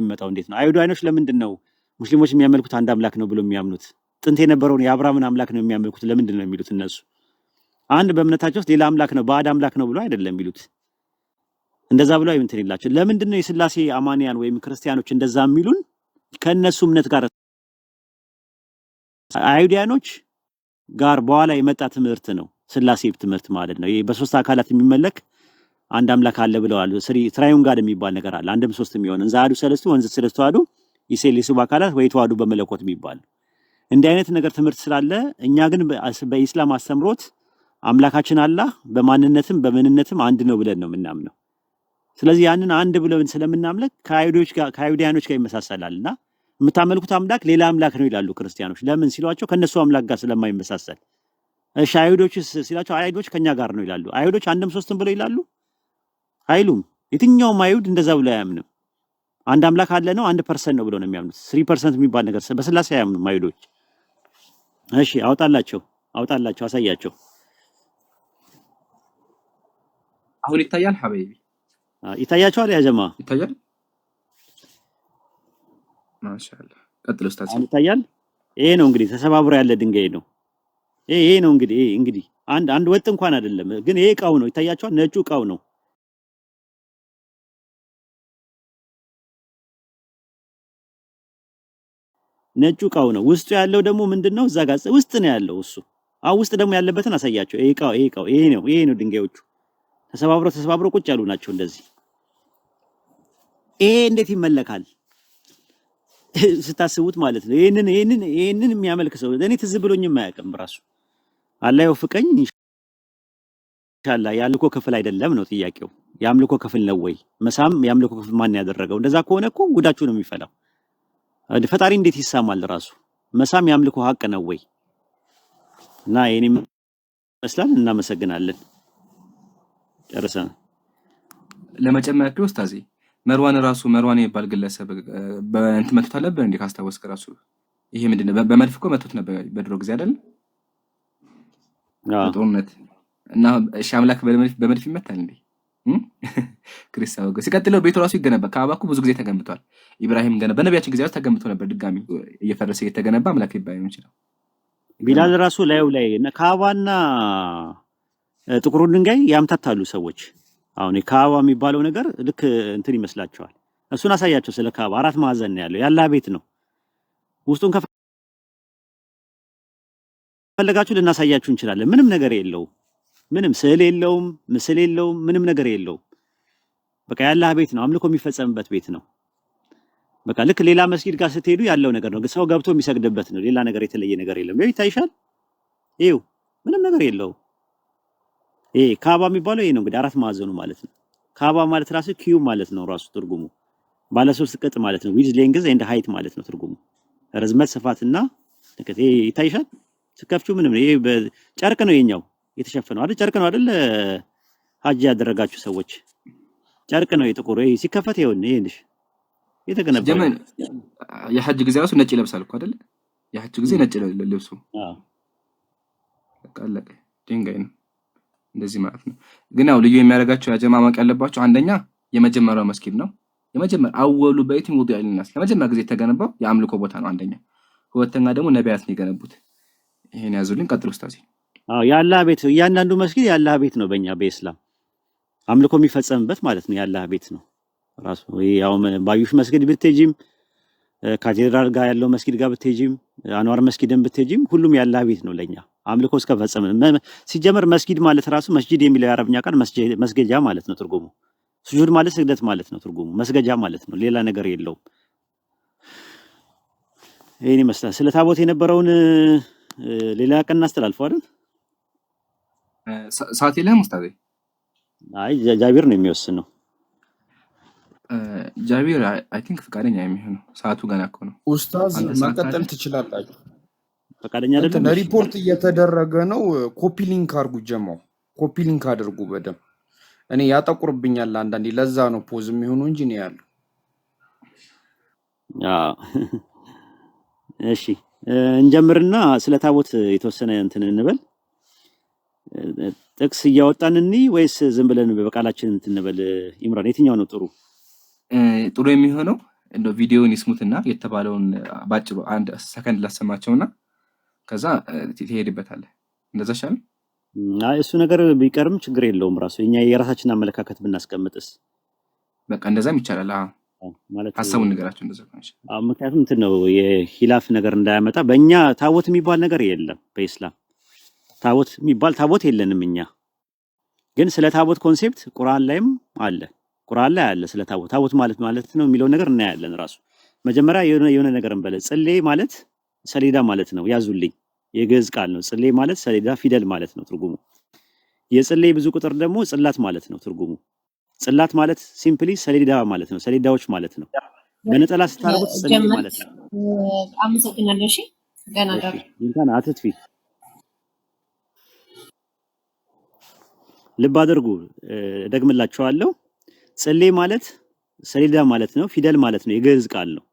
የሚመጣው እንዴት ነው? አይሁድ አይኖች ለምንድን ነው ሙስሊሞች የሚያመልኩት አንድ አምላክ ነው ብሎ የሚያምኑት? ጥንት የነበረውን የአብርሃምን አምላክ ነው የሚያመልኩት ለምንድን ነው የሚሉት? እነሱ አንድ በእምነታቸው ውስጥ ሌላ አምላክ ነው ባዕድ አምላክ ነው ብሎ አይደለም የሚሉት። እንደዛ ብሎ እንትን ይላቸው። ለምንድን ነው የስላሴ አማንያን ወይም ክርስቲያኖች እንደዛ የሚሉን? ከእነሱ እምነት ጋር አይሁዲያኖች ጋር በኋላ የመጣ ትምህርት ነው ስላሴ ትምህርት ማለት ነው። ይሄ በሶስት አካላት የሚመለክ አንድ አምላክ አለ ብለዋል። ትራዩን ጋር የሚባል ነገር አለ። አንድም ሶስት የሚሆን እንዛ አሐዱ ሰለስቱ ወንዝ ስለስቱ አሐዱ ይሴሊሱ አካላት ወይ ተዋህዱ በመለኮት የሚባል እንዲህ አይነት ነገር ትምህርት ስላለ እኛ ግን በኢስላም አስተምሮት አምላካችን አላህ በማንነትም በምንነትም አንድ ነው ብለን ነው የምናምነው። ስለዚህ ያንን አንድ ብለን ስለምናምለክ ከአይሁዶች ጋር ከአይሁዳኖች ጋር ይመሳሰላልና የምታመልኩት አምላክ ሌላ አምላክ ነው ይላሉ ክርስቲያኖች። ለምን ሲሏቸው ከነሱ አምላክ ጋር ስለማይመሳሰል። እሺ አይሁዶች ሲሏቸው አይሁዶች ከኛ ጋር ነው ይላሉ። አይሁዶች አንድም ሶስትም ብለው ይላሉ አይሉም። የትኛውም አይሁድ እንደዛ ብሎ አያምንም። አንድ አምላክ አለ ነው አንድ ፐርሰንት ነው ብሎ ነው የሚያምኑት። ስሪ ፐርሰንት የሚባል ነገር በስላሴ አያምኑም አይሁዶች። እሺ አውጣላቸው፣ አውጣላቸው፣ አሳያቸው። አሁን ይታያል ሐበይቢ ይታያቸዋል። ያጀማ ይታያል። ማሻአላ ቀጥሎ ስታሲ ይታያል። ይሄ ነው እንግዲህ ተሰባብሮ ያለ ድንጋይ ነው። ይሄ ነው እንግዲህ እንግዲህ አንድ አንድ ወጥ እንኳን አይደለም፣ ግን ይሄ እቃው ነው። ይታያቸዋል። ነጩ እቃው ነው ነጩ እቃው ነው። ውስጡ ያለው ደግሞ ምንድነው? እዛ ጋር ውስጥ ነው ያለው እሱ። አሁን ውስጥ ደግሞ ያለበትን አሳያቸው። ይሄ እቃው ይሄ እቃው ይሄ ነው ይሄ ነው። ድንጋዮቹ ተሰባብረው ተሰባብረው ቁጭ ያሉ ናቸው እንደዚህ። ይሄ እንዴት ይመለካል ስታስቡት ማለት ነው። ይሄንን ይሄንን ይሄንን የሚያመልክ ሰው እኔ ትዝ ብሎኝ አያውቅም ራሱ አላህ ይወፍቀኝ። ኢንሻአላህ የአምልኮ ክፍል አይደለም ነው ጥያቄው። የአምልኮ ክፍል ነው ወይ መሳም? የአምልኮ ክፍል ማን ያደረገው? እንደዛ ከሆነ እኮ ጉዳችሁ ነው የሚፈላው። ፈጣሪ እንዴት ይሳማል? ራሱ መሳም ያምልኮ ሀቅ ነው ወይ? እና ይህን ይመስላል። እናመሰግናለን። ጨርሰናል። ለመጨመር ያክል ውስታዜ መርዋን ራሱ መርዋን የሚባል ግለሰብ በእንት መቶት አለብን እንዴ? ካስታወስክ ራሱ ይሄ ምንድን ነው በመድፍ እኮ መቶት ነበር በድሮ ጊዜ አይደል? በጦርነት እና ሺህ አምላክ በመድፍ ይመታል እንዴ? ክርስቲያን ወገን ሲቀጥለው ቤቱ ራሱ ይገነባ ከአባ እኮ ብዙ ጊዜ ተገንብቷል። ኢብራሂም በነቢያችን ጊዜ ተገንብቶ ነበር። ድጋሚ እየፈረሰ እየተገነባ አምላክ ይባል ይችላል። ቢላል ራሱ ላዩ ላይ ከአባና ጥቁሩ ድንጋይ ያምታታሉ ሰዎች። አሁን ከአባ የሚባለው ነገር ልክ እንትን ይመስላቸዋል። እሱን አሳያቸው። ስለ ከአባ አራት ማዕዘን ነው ያለው። ያላ ቤት ነው። ውስጡን ከፈለጋችሁ ልናሳያችሁ እንችላለን። ምንም ነገር የለውም። ምንም ስዕል የለውም፣ ምስል የለውም፣ ምንም ነገር የለውም። በቃ የአላህ ቤት ነው፣ አምልኮ የሚፈጸምበት ቤት ነው። በቃ ልክ ሌላ መስጊድ ጋር ስትሄዱ ያለው ነገር ነው፣ ሰው ገብቶ የሚሰግድበት ነው። ሌላ ነገር የተለየ ነገር የለም። ይኸው ይታይሻል፣ ይኸው ምንም ነገር የለውም። ይሄ ካባ የሚባለው ይሄ ነው እንግዲህ አራት ማዕዘኑ ማለት ነው። ካባ ማለት ራሱ ኪዩ ማለት ነው ራሱ ትርጉሙ ባለ ሶስት ቅጥ ማለት ነው። ዊዝ ሌንግዝ ኤንድ ሃይት ማለት ነው ትርጉሙ ርዝመት፣ ስፋትና ይታይሻል። ስከፍቹ ምንም ይሄ ጨርቅ ነው የኛው የተሸፈነው አይደል? ጨርቅ ነው አይደል? ሀጅ ያደረጋችሁ ሰዎች ጨርቅ ነው። ይሄ ሲከፈት ይሁን ይሄንሽ የተገነባ ጀመን የሐጅ ጊዜ ራሱ ነጭ ይለብሳል እኮ አይደል? የሐጅ ጊዜ ነጭ ልብሱ አለቀ። ድንጋይ ነው እንደዚህ ማለት ነው። ግን ያው ልዩ የሚያደርጋቸው ያጀማመቅ ያለባቸው አንደኛ የመጀመሪያው መስጊድ ነው። የመጀመሪያ አወሉ በይትን ውዲዐ ሊናስ ለመጀመሪያ ጊዜ የተገነባው የአምልኮ ቦታ ነው አንደኛ። ሁለተኛ ደግሞ ነቢያት ነው የገነቡት። ይሄን ያዙልኝ። ቀጥሉ ውስታዜ የአላህ ቤት እያንዳንዱ መስጊድ የአላህ ቤት ነው። በእኛ በኢስላም አምልኮ የሚፈጸምበት ማለት ነው የአላህ ቤት ነው ራሱ። ያው ባዩሽ መስጊድ ብትሄጂም፣ ካቴድራል ጋር ያለው መስጊድ ጋር ብትሄጂም፣ አንዋር መስጊድን ብትሄጂም፣ ሁሉም የአላህ ቤት ነው ለኛ አምልኮ እስከፈጸመ። ሲጀመር መስጊድ ማለት ራሱ መስጂድ የሚለው የአረብኛ ቃል መስገጃ ማለት ነው ትርጉሙ። ስጁድ ማለት ስግደት ማለት ነው ትርጉሙ። መስገጃ ማለት ነው፣ ሌላ ነገር የለውም። ይህን ይመስላል። ስለ ታቦት የነበረውን ሌላ ቀን እናስተላልፈው አይደል? ሰዓት የለህም ውስታዜ? አይ ጃቢር ነው የሚወስነው። ጃቢር አይ ቲንክ ፈቃደኛ የሚሆነው ሰዓቱ ገና እኮ ነው። ኡስታዝ መቀጠል ትችላላችሁ። ፈቃደኛ አይደለም። ሪፖርት እየተደረገ ነው። ኮፒ ሊንክ አድርጉ ጀማው፣ ኮፒ ሊንክ አድርጉ በደምብ። እኔ ያጠቁርብኛል አንዳንዴ፣ ለዛ ነው ፖዝ የሚሆኑ እንጂ ነው ያለው። እሺ እንጀምርና ስለ ታቦት የተወሰነ እንትን እንበል። ጥቅስ እያወጣን እኒ ወይስ ዝም ብለን በቃላችን እንትንበል? ኢምራን የትኛው ነው ጥሩ ጥሩ የሚሆነው? እንደ ቪዲዮውን ይስሙትና የተባለውን ባጭሩ አንድ ሰከንድ ላሰማቸውና ከዛ ትሄድበታለህ። እንደዛ እሱ ነገር ቢቀርም ችግር የለውም። ራሱ እኛ የራሳችን አመለካከት ብናስቀምጥስ? በቃ እንደዛም ይቻላል። ሀሳቡን ነገራቸው እንደዛ። ምክንያቱም እንትን ነው የሂላፍ ነገር እንዳያመጣ። በእኛ ታቦት የሚባል ነገር የለም በኢስላም ታቦት የሚባል ታቦት የለንም እኛ። ግን ስለ ታቦት ኮንሴፕት ቁርአን ላይም አለ። ቁርአን ላይ አለ ስለ ታቦት ታቦት ማለት ማለት ነው የሚለውን ነገር እናያለን። ራሱ መጀመሪያ የሆነ የሆነ ነገር እንበለ ጽሌ ማለት ሰሌዳ ማለት ነው። ያዙልኝ የግዕዝ ቃል ነው። ጽሌ ማለት ሰሌዳ፣ ፊደል ማለት ነው ትርጉሙ። የጽሌ ብዙ ቁጥር ደግሞ ጽላት ማለት ነው ትርጉሙ። ጽላት ማለት ሲምፕሊ ሰሌዳ ማለት ነው። ሰሌዳዎች ማለት ነው። በነጠላ ስታረጉት ጽሌ ማለት ነው። አመሰግናለሽ። ገና አትትፊ ልብ አድርጉ፣ ደግምላችኋለሁ። ጽሌ ማለት ሰሌዳ ማለት ነው፣ ፊደል ማለት ነው፣ የግዕዝ ቃል ነው።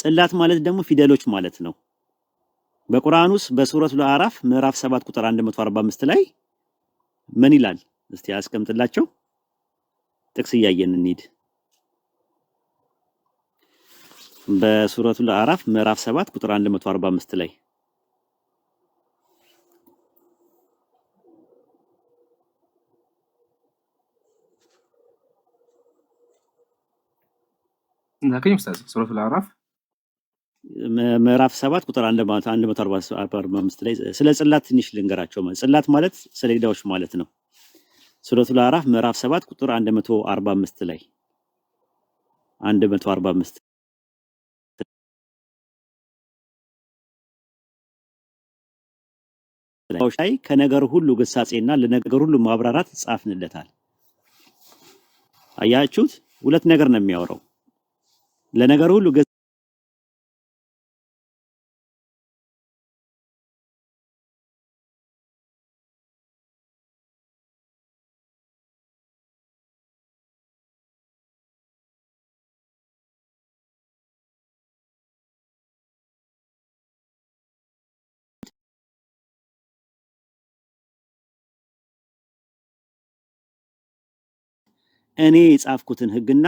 ጽላት ማለት ደግሞ ፊደሎች ማለት ነው። በቁርአን ውስጥ በሱረቱል አዕራፍ ምዕራፍ 7 ቁጥር 145 ላይ ምን ይላል? እስቲ አስቀምጥላቸው። ጥቅስ እያየን እንሂድ። በሱረቱል አዕራፍ ምዕራፍ 7 ቁጥር 145 ላይ እናገኘው ስታዝ ሱረቱ አዕራፍ ምዕራፍ ሰባት ቁጥር አንድ መቶ አርባ አምስት ላይ ስለ ጽላት ትንሽ ልንገራቸው። ጽላት ማለት ሰሌዳዎች ማለት ነው። ሱረቱ አዕራፍ ምዕራፍ ሰባት ቁጥር አንድ መቶ አርባ አምስት ላይ አንድ መቶ አርባ አምስት ላይ ከነገር ሁሉ ግሳጼና ለነገር ሁሉ ማብራራት ጻፍንለታል። አያችሁት? ሁለት ነገር ነው የሚያወራው ለነገር ሁሉ እኔ የጻፍኩትን ሕግና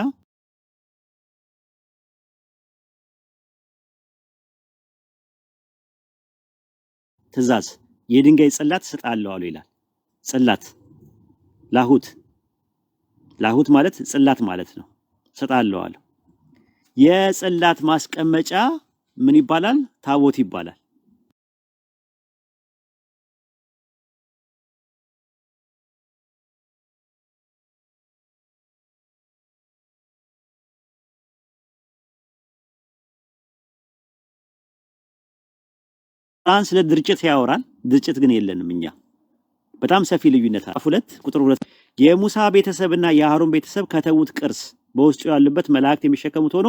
ትእዛዝ የድንጋይ ጽላት እሰጥሃለሁ አሉ ይላል። ጽላት ላሁት ላሁት ማለት ጽላት ማለት ነው። እሰጥሃለሁ አሉ። የጽላት ማስቀመጫ ምን ይባላል? ታቦት ይባላል። ቁርአን ስለ ድርጭት ያወራል። ድርጭት ግን የለንም እኛ። በጣም ሰፊ ልዩነት አፍ ሁለት ቁጥር ሁለት የሙሳ ቤተሰብና የአሮን ቤተሰብ ከተዉት ቅርስ በውስጡ ያሉበት መላእክት የሚሸከሙት ሆኖ